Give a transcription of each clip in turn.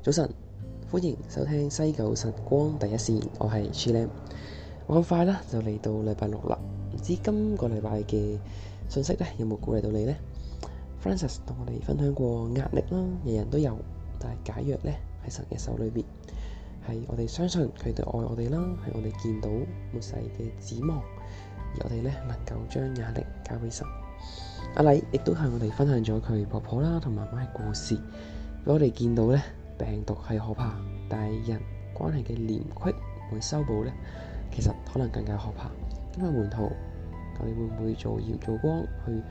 早晨，歡迎收聽西九晨光第一線，我係 Chilam。咁快啦，就嚟到禮拜六啦。唔知今個禮拜嘅信息呢，有冇鼓勵到你呢？Francis 同我哋分享過壓力啦，人人都有，但係解藥呢喺神嘅手裏邊，係我哋相信佢哋愛我哋啦，係我哋見到末世嘅指望，而我哋呢能夠將壓力交俾神。阿禮亦都向我哋分享咗佢婆婆啦同媽媽嘅故事，俾我哋見到咧病毒係可怕，但係人關係嘅連潰會修補咧，其實可能更加可怕。今日門徒，你會唔會做鹽做光去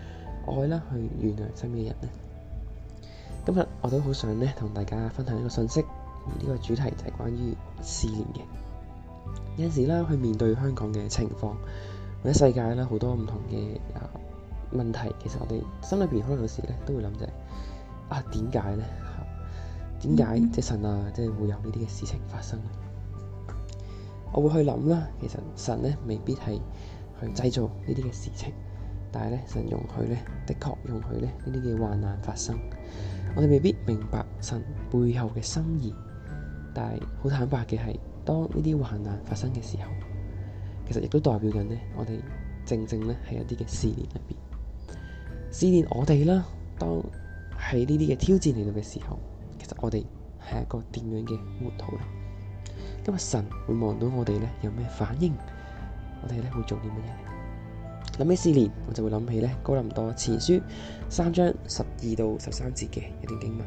愛啦，去原諒身邊嘅人咧？今日我都好想咧同大家分享一個信息，呢個主題就係關於試煉嘅。有陣時啦，去面對香港嘅情況或者世界咧，好多唔同嘅啊～問題，其實我哋心裏邊可能有時咧都會諗就係、是、啊點解呢？嚇點解即係神啊即係、就是、會有呢啲嘅事情發生？呢？」我會去諗啦。其實神咧未必係去製造呢啲嘅事情，但係咧神容許咧，的確容許咧呢啲嘅患難發生。我哋未必明白神背後嘅心意，但係好坦白嘅係，當呢啲患難發生嘅時候，其實亦都代表緊呢，我哋正正咧係一啲嘅試煉入邊。試煉我哋啦，當喺呢啲嘅挑戰嚟到嘅時候，其實我哋係一個點樣嘅活途咧？今日神會望到我哋咧有咩反應，我哋咧會做啲乜嘢？諗起試煉，我就會諗起咧《哥林多前書》三章十二到十三節嘅一段經文，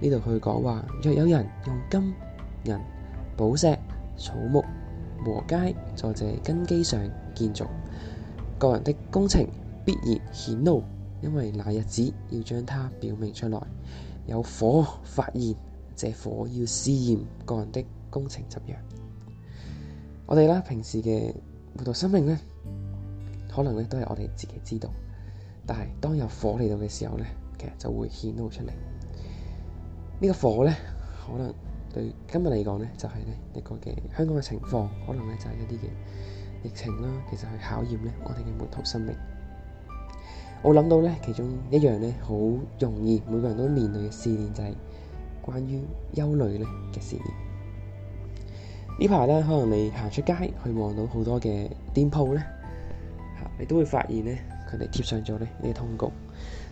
呢度佢講話：若有人用金銀、寶石、草木、禾秸，在這根基上建造個人的工程。必然顯露，因為那日子要將它表明出來。有火發現，這火要試驗個人的工程怎樣。我哋啦，平時嘅活動生命呢，可能咧都係我哋自己知道，但係當有火嚟到嘅時候呢，其實就會顯露出嚟。呢、這個火呢，可能對今日嚟講呢，就係、是、呢一個嘅香港嘅情況，可能呢就係一啲嘅疫情啦。其實去考驗呢，我哋嘅活動生命。我諗到咧，其中一樣咧，好容易每個人都面對嘅試煉就係關於憂慮咧嘅試煉。呢排咧，可能你行出街去望到好多嘅店鋪咧，嚇你都會發現咧，佢哋貼上咗咧呢個通告，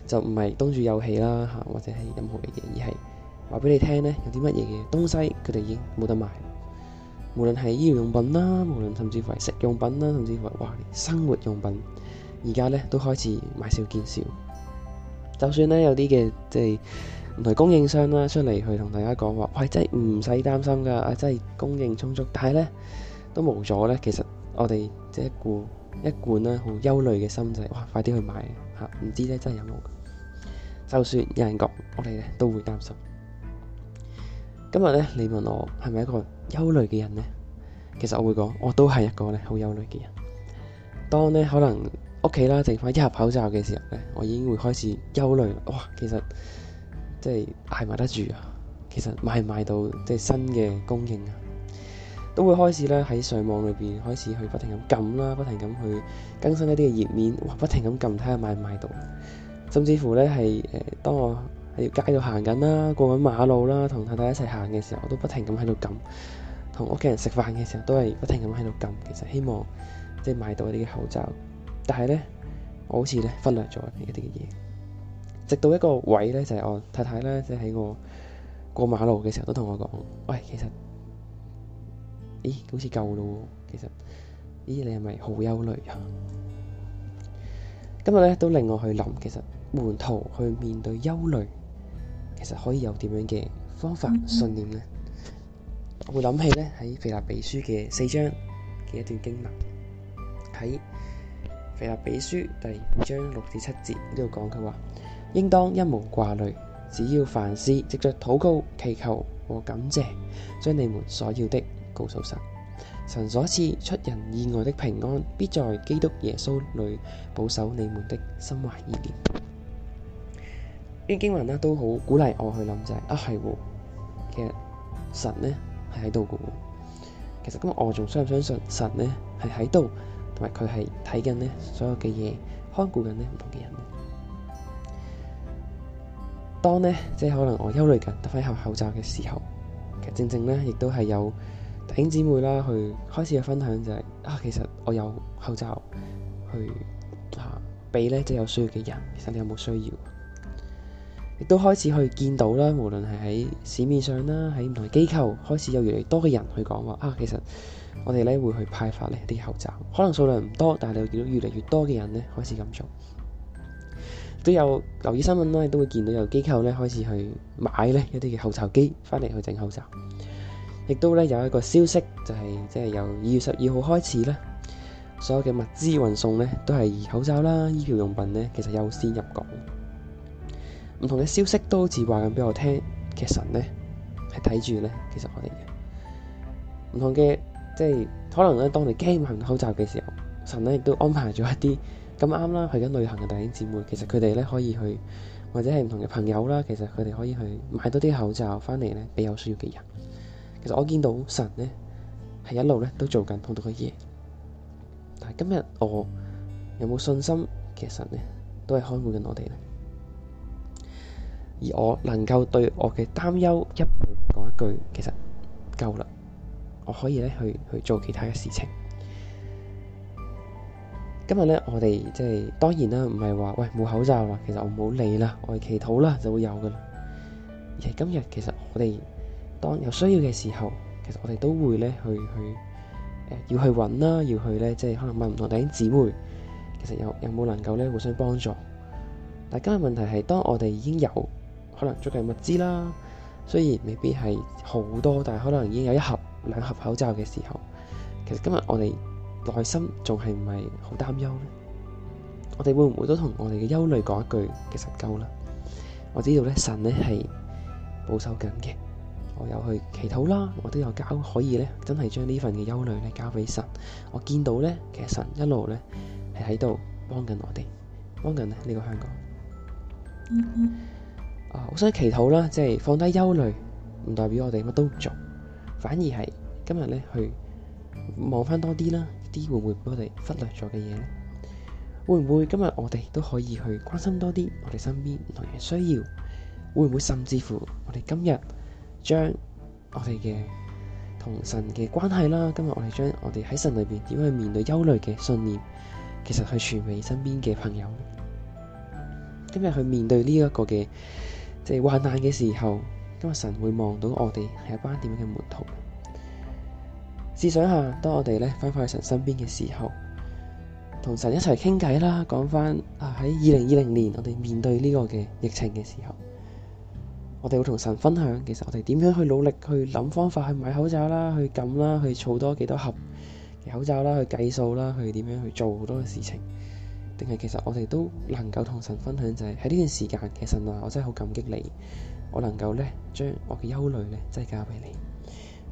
就唔係當住遊戲啦嚇，或者係任何嘅嘢，而係話俾你聽咧，有啲乜嘢嘅東西佢哋已經冇得賣。無論係醫療用品啦，無論甚至乎係食用品啦，甚至乎係話生活用品，而家咧都開始買少見少，就算咧有啲嘅即係唔同供應商啦，出嚟去同大家講話，喂，真係唔使擔心㗎，啊，真係供應充足，但係咧都冇咗咧，其實我哋即係一罐一罐咧好憂慮嘅心就係，哇，快啲去買嚇，唔、啊、知咧真係有冇？就算有人講，我哋咧都會擔心。今日咧，你問我係咪一個憂慮嘅人咧？其實我會講，我都係一個咧好憂慮嘅人。當咧可能，屋企啦，剩返一盒口罩嘅時候咧，我已經會開始憂慮。哇，其實即係捱唔捱得住啊？其實買唔買到即係新嘅供應啊，都會開始咧喺上網裏邊開始去不停咁撳啦，不停咁去更新一啲嘅頁面。哇，不停咁撳睇下買唔買到。甚至乎咧係誒，當我喺條街度行緊啦，過緊馬路啦，同太太一齊行嘅時候，都不停咁喺度撳。同屋企人食飯嘅時候，都係不停咁喺度撳。其實希望即係買到一啲嘅口罩。但係咧，我好似咧忽略咗一啲嘅嘢，直到一個位咧，就係我太太咧，即係喺我過馬路嘅時候都同我講，喂，其實，咦，好似夠咯，其實，咦，你係咪好憂慮啊？今日咧都令我去諗，其實門徒去面對憂慮，其實可以有點樣嘅方法信念咧。我會諗起咧喺《腓立比書》嘅四章嘅一段經文喺。腓立比書第五章六至七節呢度講佢話，應當一無掛慮，只要凡事藉着禱告、祈求和感謝，將你們所要的告訴神。神所賜出人意外的平安，必在基督耶穌裏保守你們的心懷意念。呢經文呢都好鼓勵我去諗，就係啊係，其實神呢係喺度噶。其實今日我仲相唔相信神呢係喺度？同埋佢係睇緊咧所有嘅嘢，看顧緊咧唔同嘅人。當咧即係可能我憂慮緊得翻一盒口罩嘅時候，其實正正咧亦都係有弟兄姊妹啦，去開始嘅分享就係、是、啊，其實我有口罩去吓俾咧即係有需要嘅人，其實你有冇需要？亦都開始去見到啦，無論係喺市面上啦，喺唔同機構開始有越嚟越多嘅人去講話啊，其實我哋咧會去派發呢啲口罩，可能數量唔多，但係你會見到越嚟越多嘅人咧開始咁做，都有留意新聞啦，亦都會見到有機構咧開始去買呢一啲嘅口罩機翻嚟去整口罩，亦都咧有一個消息就係即係由二月十二號開始咧，所有嘅物資運送咧都係口罩啦、醫療用品咧，其實優先入港。唔同嘅消息都好似話緊俾我聽，其實神咧係睇住咧，其實我哋嘅唔同嘅，即係可能咧，當你驚唔行口罩嘅時候，神咧亦都安排咗一啲咁啱啦，去緊旅行嘅弟兄姊妹，其實佢哋咧可以去，或者係唔同嘅朋友啦，其實佢哋可以去買多啲口罩翻嚟咧，俾有需要嘅人。其實我見到神咧係一路咧都做緊唔同嘅嘢，但係今日我有冇信心呢？其實神咧都係看顧緊我哋咧。而我能夠對我嘅擔憂一句講一句，其實夠啦，我可以咧去去做其他嘅事情。今日咧，我哋即係當然啦，唔係話喂冇口罩啦，其實我唔好理啦，我祈禱啦就會有噶啦。而係今日，其實我哋當有需要嘅時候，其實我哋都會咧去去誒要去揾啦，要去咧即係可能問唔同弟兄姊妹，其實有有冇能夠咧互相幫助。但今日問題係，當我哋已經有。可能足夠物資啦，雖然未必係好多，但係可能已經有一盒兩盒口罩嘅時候，其實今日我哋內心仲係唔係好擔憂呢？我哋會唔會都同我哋嘅憂慮講一句，其實夠啦！我知道咧，神咧係保守緊嘅。我有去祈禱啦，我都有交，可以咧真係將呢份嘅憂慮咧交俾神。我見到咧，其實神一路咧係喺度幫緊我哋，幫緊呢、呢個香港。嗯啊！我想祈禱啦，即係放低憂慮，唔代表我哋乜都唔做，反而係今日咧去望翻多啲啦，啲會唔會俾我哋忽略咗嘅嘢咧？會唔會今日我哋都可以去關心多啲我哋身邊唔同人嘅需要？會唔會甚至乎我哋今日將我哋嘅同神嘅關係啦？今日我哋將我哋喺神裏邊點樣去面對憂慮嘅信念，其實去傳俾身邊嘅朋友。今日去面對呢一個嘅。即係患難嘅時候，今日神會望到我哋係一班點樣嘅門徒。試想下，當我哋咧翻返去神身邊嘅時候，同神一齊傾偈啦，講翻啊喺二零二零年我哋面對呢個嘅疫情嘅時候，我哋會同神分享，其實我哋點樣去努力去諗方法去買口罩啦，去撳啦，去儲多幾多盒口罩啦，去計數啦，去點樣去做好多嘅事情。定係其實我哋都能夠同神分享，就係喺呢段時間，其實話我真係好感激你，我能夠呢，將我嘅憂慮呢，真係交俾你，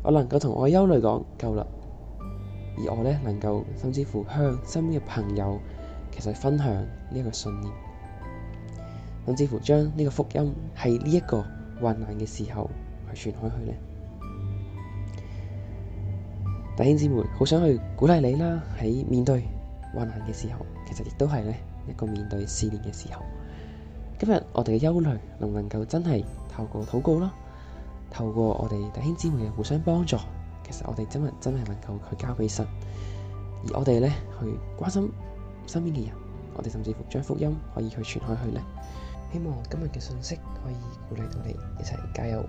我能夠同我嘅憂慮講夠啦，而我呢，能夠甚至乎向身邊嘅朋友其實分享呢一個信念，甚至乎將呢個福音喺呢一個患難嘅時候去傳開去呢，弟兄姊妹好想去鼓勵你啦喺面對。患難嘅時候，其實亦都係呢一個面對試煉嘅時候。今日我哋嘅憂慮能唔能夠真係透過禱告啦，透過我哋弟兄姊妹嘅互相幫助，其實我哋真係真係能夠去交俾神，而我哋呢去關心身邊嘅人，我哋甚至乎將福音可以去傳開去呢。希望今日嘅信息可以鼓勵到你，一齊加油。